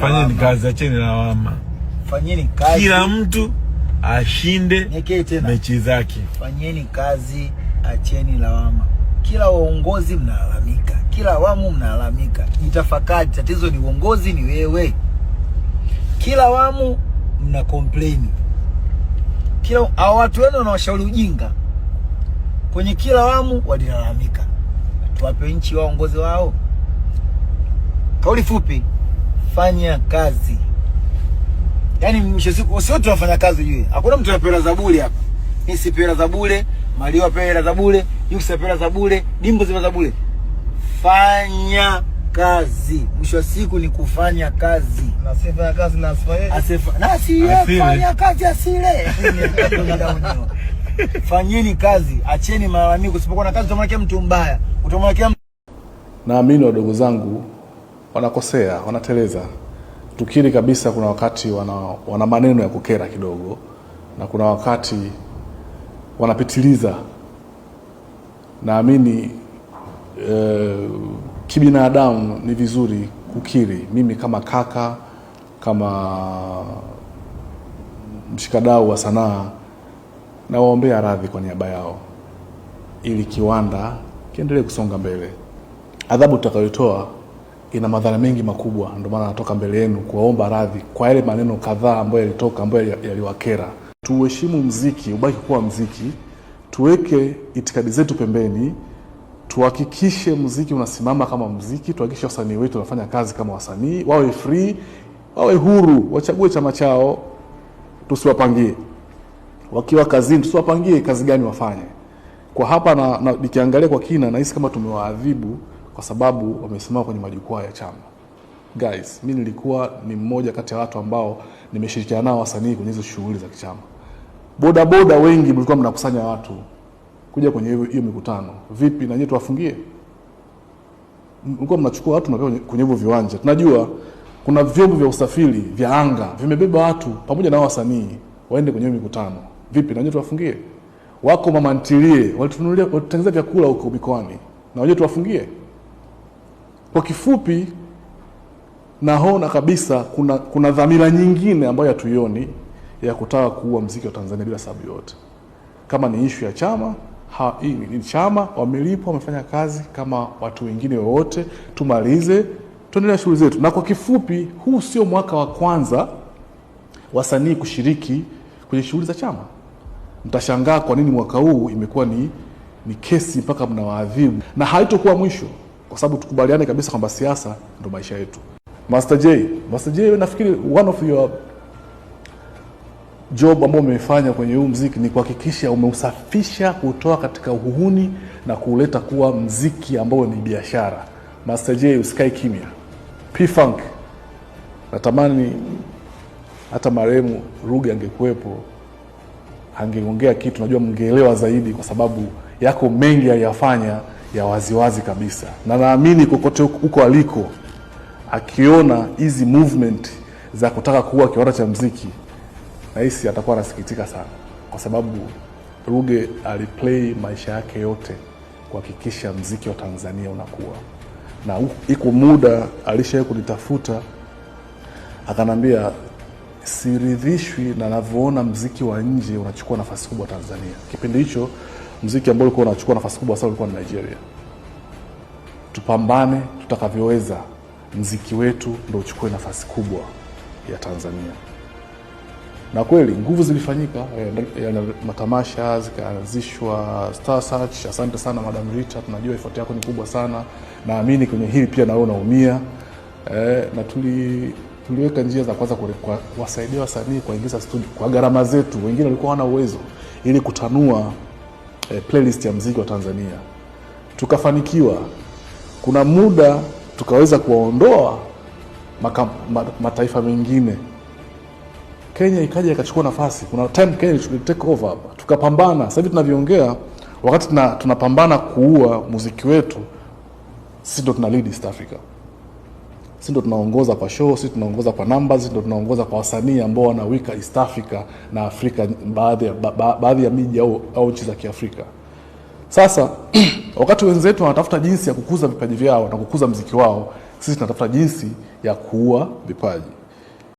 Fanyeni kazi, acheni lawama. Fanyeni kazi. Kila mtu ashinde mechi zake. Fanyeni kazi, acheni lawama. Kila uongozi mnalalamika, kila awamu mnalalamika. Jitafakari, tatizo ni uongozi, ni wewe. Kila awamu mna complain, kila watu wenu wanawashauri ujinga kwenye kila awamu walilalamika. Tuwape nchi waongozi wao. Kauli fupi fanya kazi. Yaani mwisho siku sio tunafanya kazi juu. Hakuna mtu anapewa za bure hapa. Mimi sipewa za bure, Mario apewa za bure, Yusa apewa za bure, Dimbo zima za bure. Fanya kazi. Mwisho siku ni kufanya kazi. Na si fanya kazi na asifanye. Asifa. Na si fanya kazi asile. Fanyeni kazi, acheni malalamiko. Usipokuwa na kazi utamwekea mtu mbaya. Utamwekea Naamini wadogo zangu wanakosea, wanateleza. Tukiri kabisa, kuna wakati wana, wana maneno ya kukera kidogo, na kuna wakati wanapitiliza. Naamini e, kibinadamu ni vizuri kukiri. Mimi kama kaka, kama mshikadau wa sanaa, nawaombea radhi kwa niaba yao ili kiwanda kiendelee kusonga mbele. Adhabu tutakayotoa ina madhara mengi makubwa. Ndio maana natoka mbele yenu kuwaomba radhi kwa yale maneno kadhaa ambayo yalitoka, ambayo yaliwakera. Tuheshimu mziki, ubaki kuwa mziki, tuweke itikadi zetu pembeni, tuhakikishe mziki unasimama kama mziki, tuhakikishe wasanii wetu wanafanya kazi kama wasanii, wawe free, wawe huru, wachague chama chao, tusiwapangie wakiwa kazini, tusiwapangie kazi gani wafanye. Kwa hapa na, na nikiangalia kwa kina nahisi kama tumewaadhibu kwa sababu wamesimama kwenye majukwaa ya chama. Guys, mimi nilikuwa ni mmoja kati ya watu ambao nimeshirikiana nao wasanii kwenye hizo shughuli za kichama. Boda boda wengi mlikuwa mnakusanya watu kuja kwenye hiyo mikutano, vipi na nyinyi tuwafungie? Mlikuwa mnachukua watu mnapewa kwenye hivyo viwanja. Tunajua kuna vyombo vya usafiri vya anga vimebeba watu pamoja na wasanii waende kwenye hiyo mikutano, vipi na nyinyi tuwafungie? Wako mama ntilie walitunulia, walitutengeneza vyakula huko mikoani, na wenyewe tuwafungie? Kwa kifupi, naona kabisa kuna, kuna dhamira nyingine ambayo hatuioni ya kutaka kuua mziki wa Tanzania bila sababu yoyote. Kama ni ishu ya chama ha, hii ni chama, wamelipwa wamefanya kazi kama watu wengine wowote, tumalize tuendelee shughuli zetu. Na kwa kifupi, huu sio mwaka wa kwanza wasanii kushiriki kwenye shughuli za chama. Mtashangaa kwa nini mwaka huu imekuwa ni, ni kesi mpaka mnawaadhibu, na haitokuwa mwisho kwa sababu tukubaliane kabisa kwamba siasa ndo maisha yetu. Master J, Master J, nafikiri one of your job ambao umefanya kwenye huu mziki ni kuhakikisha umeusafisha kutoa katika uhuni na kuuleta kuwa mziki ambao ni biashara. Master J, usikae kimya. P Funk, natamani hata marehemu Ruge angekuwepo angeongea kitu, najua mngeelewa zaidi, kwa sababu yako mengi aliyafanya ya waziwazi kabisa, na naamini kokote huko aliko akiona hizi movement za kutaka kuwa kiwanda cha mziki, nahisi atakuwa anasikitika sana, kwa sababu Ruge aliplay maisha yake yote kuhakikisha mziki wa Tanzania unakuwa na iko muda alishawahi kunitafuta akanambia, siridhishwi na navyoona mziki wa nje unachukua nafasi kubwa Tanzania. Kipindi hicho mziki ambao ulikuwa unachukua nafasi kubwa sana ulikuwa ni Nigeria. Tupambane tutakavyoweza, mziki wetu ndio uchukue nafasi kubwa ya Tanzania. Na kweli nguvu zilifanyika, yana eh, eh, matamasha zikaanzishwa, Star Search. Asante sana Madam Rita, tunajua ifuati yako ni kubwa sana, naamini kwenye hili pia nawe unaumia eh, na tuli tuliweka njia za kwanza kuwasaidia wasanii kuwaingiza studio kwa gharama zetu, wengine walikuwa hawana uwezo ili kutanua eh, playlist ya mziki wa Tanzania. Tukafanikiwa, kuna muda tukaweza kuwaondoa mataifa mengine. Kenya ikaja ikachukua nafasi. Kuna time Kenya take over hapa, tukapambana. Sasa hivi tunavyoongea, wakati tunapambana kuua muziki wetu, sisi ndo tuna lead East Africa sisi ndo tunaongoza kwa show, sisi tunaongoza kwa numbers, sisi ndo tunaongoza kwa wasanii ambao wanawika East Africa na Afrika, baadhi ya, ba, ba, baadhi ya miji au, au nchi za Kiafrika. Sasa wakati wenzetu wanatafuta jinsi ya kukuza vipaji vyao na kukuza mziki wao, sisi tunatafuta jinsi ya kuua vipaji.